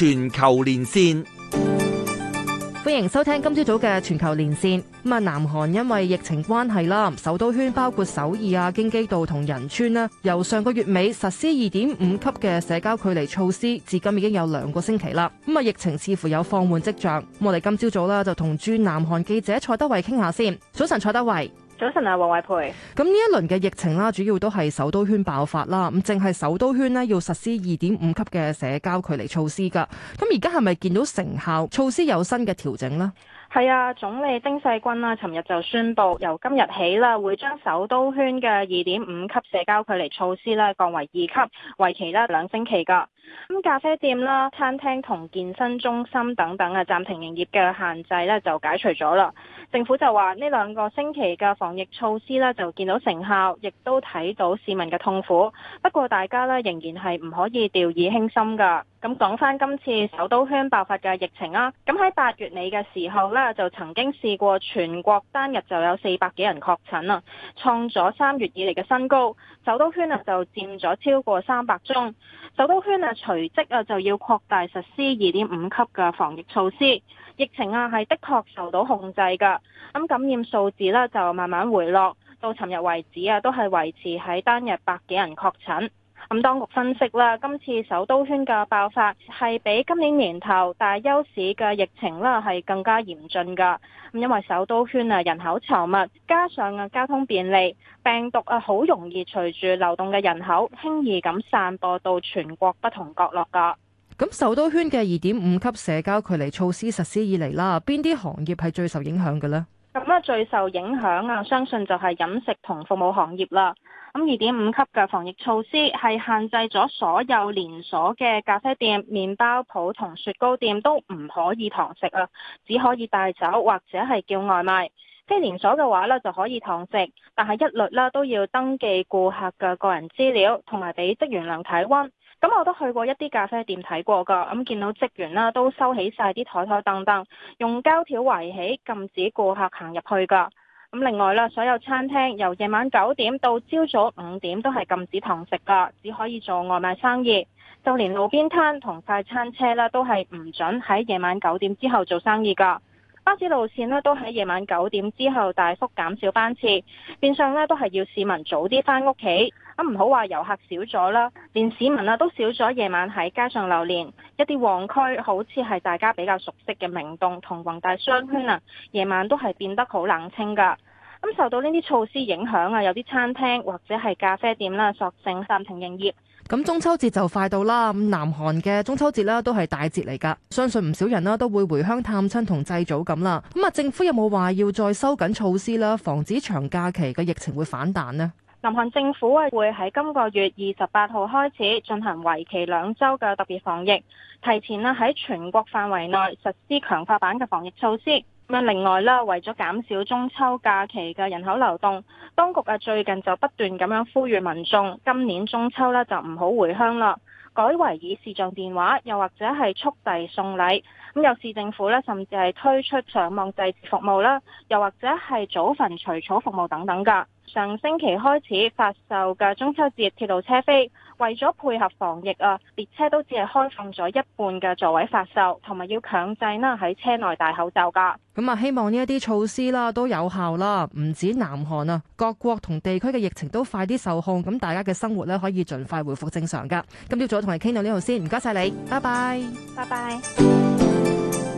全球連線，歡迎收聽今朝早嘅全球連線。咁啊，南韓因為疫情關係啦，首都圈包括首爾啊、京畿道同仁川呢，由上個月尾實施二點五級嘅社交距離措施，至今已經有兩個星期啦。咁啊，疫情似乎有放緩跡象。我哋今朝早啦，就同駐南韓記者蔡德蕙傾下先。早晨，蔡德蕙。早晨啊，王慧蓓。咁呢一輪嘅疫情啦，主要都係首都圈爆發啦。咁淨係首都圈呢，要實施二點五級嘅社交距離措施噶。咁而家係咪見到成效？措施有新嘅調整咧？係啊，總理丁世均啦、啊，尋日就宣布由今日起啦，會將首都圈嘅二點五級社交距離措施咧降為二級，為期咧兩星期㗎。咁咖啡店啦、餐廳同健身中心等等啊，暫停營業嘅限制咧就解除咗啦。政府就話呢兩個星期嘅防疫措施咧就見到成效，亦都睇到市民嘅痛苦。不過大家咧仍然係唔可以掉以輕心㗎。咁講翻今次首都圈爆發嘅疫情啦，咁喺八月尾嘅時候呢，就曾經試過全國單日就有四百幾人確診啊，創咗三月以嚟嘅新高。首都圈啊就佔咗超過三百宗，首都圈啊隨即啊就要擴大實施二點五級嘅防疫措施。疫情啊係的確受到控制㗎，咁感染數字呢就慢慢回落，到尋日為止啊都係維持喺單日百幾人確診。咁當局分析啦，今次首都圈嘅爆發係比今年年頭大邱市嘅疫情啦係更加嚴峻噶。咁因為首都圈啊人口稠密，加上啊交通便利，病毒啊好容易隨住流動嘅人口輕易咁散播到全國不同角落噶。咁首都圈嘅二點五級社交距離措施實施以嚟啦，邊啲行業係最受影響嘅呢？咁啊最受影響啊，相信就係飲食同服務行業啦。咁二點五級嘅防疫措施係限制咗所有連鎖嘅咖啡店、麵包鋪同雪糕店都唔可以堂食啊，只可以帶走或者係叫外賣。非連鎖嘅話呢就可以堂食，但係一律啦都要登記顧客嘅個人資料同埋俾職員量體温。咁我都去過一啲咖啡店睇過㗎，咁見到職員啦都收起晒啲台台凳凳，用膠條圍起，禁止顧客行入去㗎。咁另外啦，所有餐廳由夜晚九點到朝早五點都係禁止堂食噶，只可以做外賣生意。就連路邊攤同快餐車啦，都係唔准喺夜晚九點之後做生意噶。巴士路綫呢，都喺夜晚九點之後大幅減少班次，變相呢，都係要市民早啲返屋企，咁唔好話遊客少咗啦。連市民啊都少咗夜晚喺街上流連，一啲旺區好似係大家比較熟悉嘅明洞同宏大商圈啊，夜晚都係變得好冷清噶。咁受到呢啲措施影響啊，有啲餐廳或者係咖啡店啦，索性暫停營業。咁中秋節就快到啦，咁南韓嘅中秋節啦都係大節嚟㗎，相信唔少人啦都會回鄉探親同祭祖咁啦。咁啊，政府有冇話要再收緊措施啦，防止長假期嘅疫情會反彈呢？南韓政府會喺今個月二十八號開始進行為期兩周嘅特別防疫，提前咧喺全國範圍內實施強化版嘅防疫措施。咁另外咧，為咗減少中秋假期嘅人口流動，當局啊最近就不斷咁樣呼籲民眾，今年中秋咧就唔好回鄉啦，改為以視像電話，又或者係速遞送禮。咁有市政府咧，甚至係推出上網祭祀服務啦，又或者係祖墳除草服務等等噶。上星期開始發售嘅中秋節鐵路車飛，為咗配合防疫啊，列車都只係開放咗一半嘅座位發售，同埋要強制啦喺車內戴口罩噶。咁啊，希望呢一啲措施啦都有效啦，唔止南韓啊，各國同地區嘅疫情都快啲受控，咁大家嘅生活呢可以盡快回復正常噶。今朝早同你傾到呢度先，唔該曬你，拜拜，拜拜。拜拜。